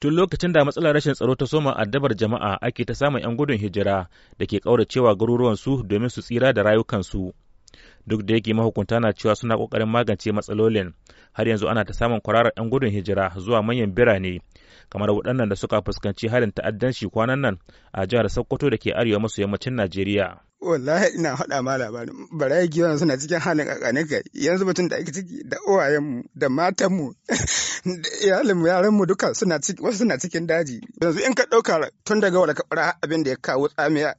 Tun lokacin da matsalar rashin tsaro ta soma addabar jama'a ake ta samun 'yan gudun hijira da ke ƙauracewa garuruwansu domin su tsira da rayukansu. Duk da yake mahukunta na cewa suna kokarin magance matsalolin, har yanzu ana ta samun kwararar 'yan gudun hijira zuwa manyan birane, kamar waɗannan da suka fuskanci harin ta'addanci kwanan nan a jihar Sokoto da ke arewa maso yammacin Najeriya. wallahi ina haɗa ma labarin barayi giwan suna cikin halin kakanika yanzu mutum da ake ciki da uwayenmu da matanmu da iyalinmu yaranmu duka suna wasu suna cikin daji yanzu in ka ɗauka tun daga wani ka ɓara abin da ya kawo tsamiya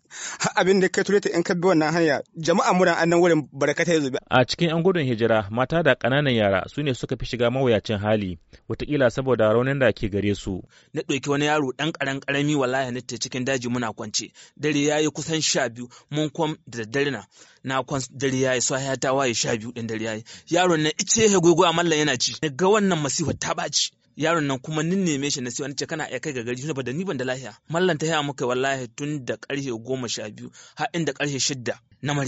abin da ka tureta in ka bi wannan hanya jama'a muran annan wurin barkatai zube. a cikin yan gudun hijira mata da ƙananan yara su ne suka fi shiga mawuyacin hali wataƙila saboda raunin da ke gare su. na ɗauki wani yaro ɗan ƙaran ƙarami wallahi na cikin daji muna kwance dare ya yi kusan sha biyu mun kwam da daddare na na kwan dare ya yi ya ta waye sha biyu din dare yi. yaron nan ice ya gwaigwa a mallan yana ci ga wannan masifa ta baci yaron nan kuma nin neme shi na sai ce kana ya kai ga gari ba da ni ban da lahiya mallan ta haya muka wallahi tun da karfe goma sha biyu har inda karfe shidda na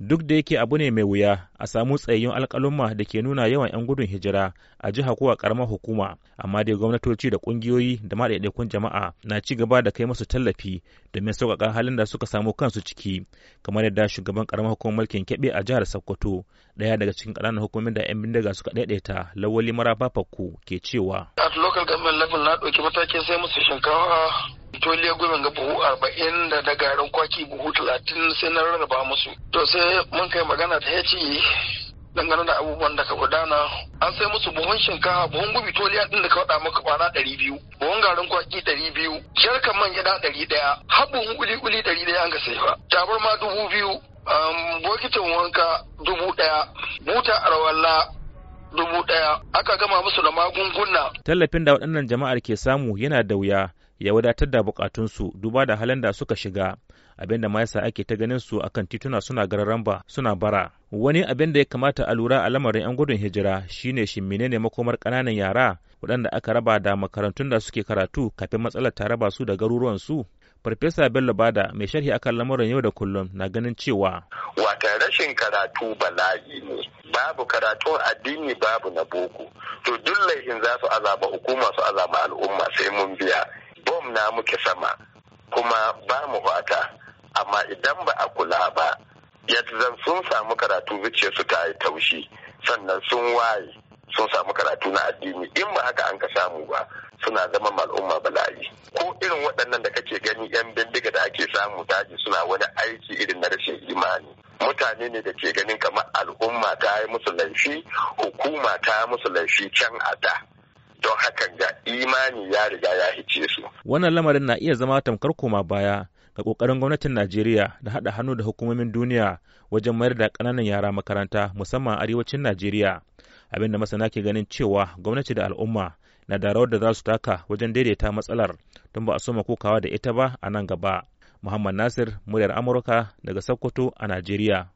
Duk da yake abu ne mai wuya a samu tsayayyun alkalumma da ke nuna yawan 'yan gudun hijira a jiha ko karamar hukuma, amma dai gwamnatoci da kungiyoyi da ma jama'a na ci gaba da kai masu tallafi domin sauƙaƙa halin da suka samu kansu ciki, kamar yadda shugaban karamar hukumar mulkin keɓe a jihar Sokoto, ɗaya daga cikin ƙananan hukumomin da 'yan bindiga suka ɗaiɗaita Lawali Maraba Fakku ke cewa. At local government na ɗauki matakin sai musu shinkafa toliya goma ga buhu arba'in da da garin kwaki buhu talatin sai na rarraba musu to sai mun kai magana ta yace dangane da abubuwan da ka gudana an sai musu buhun shinkafa buhun gubi toliya din da ka faɗa maka kwana ɗari biyu buhun garin kwaki ɗari biyu jarkan man gida ɗari ɗaya har buhun uli uli ɗari ɗaya an ga sai fa tabarma dubu biyu um, bokitin wanka dubu ɗaya buta arwalla dubu ɗaya aka gama musu da magunguna tallafin da waɗannan jama'ar ke samu yana da wuya ya wadatar da bukatunsu duba da halin da suka shiga abin da ma yasa ake ta ganin su akan tituna suna gararamba suna bara wani abin da ya kamata a lura a lamarin yan gudun hijira shine shin ne makomar kananan yara waɗanda aka raba da makarantun da suke karatu kafin matsalar ta raba su da garuruwan su Farfesa Bello Bada mai sharhi akan lamarin yau da kullum na ganin cewa. Wata rashin karatu bala'i ne, babu karatun addini babu na boko. To duk laifin za su azaba hukuma su azaba al'umma sai mun biya. bom na muke sama kuma ba mu fata amma idan ba a kula ba yadda sun samu karatu su ta yi taushi sannan sun waye sun samu karatu na addini in ba haka an ka samu ba suna zama al'umma bala'i ko irin waɗannan da kake gani yan bindiga da ake samu daji suna wani aiki irin na rashin imani mutane ne da ke ganin kamar al'umma ta yi musu laifi hukuma ta yi musu laifi can a da don hakan ga imani ya riga ya hice su wannan lamarin na iya zama tamkar koma baya ga kokarin gwamnatin Najeriya da haɗa hannu da hukumomin duniya wajen mayar da ƙananan yara makaranta musamman arewacin Najeriya abin da masana ke ganin cewa gwamnati da al'umma na da rawar da za su taka wajen daidaita matsalar don ba a soma kokawa da ita ba a nan gaba. Muhammad Nasir, muryar Amurka daga Sokoto a Najeriya.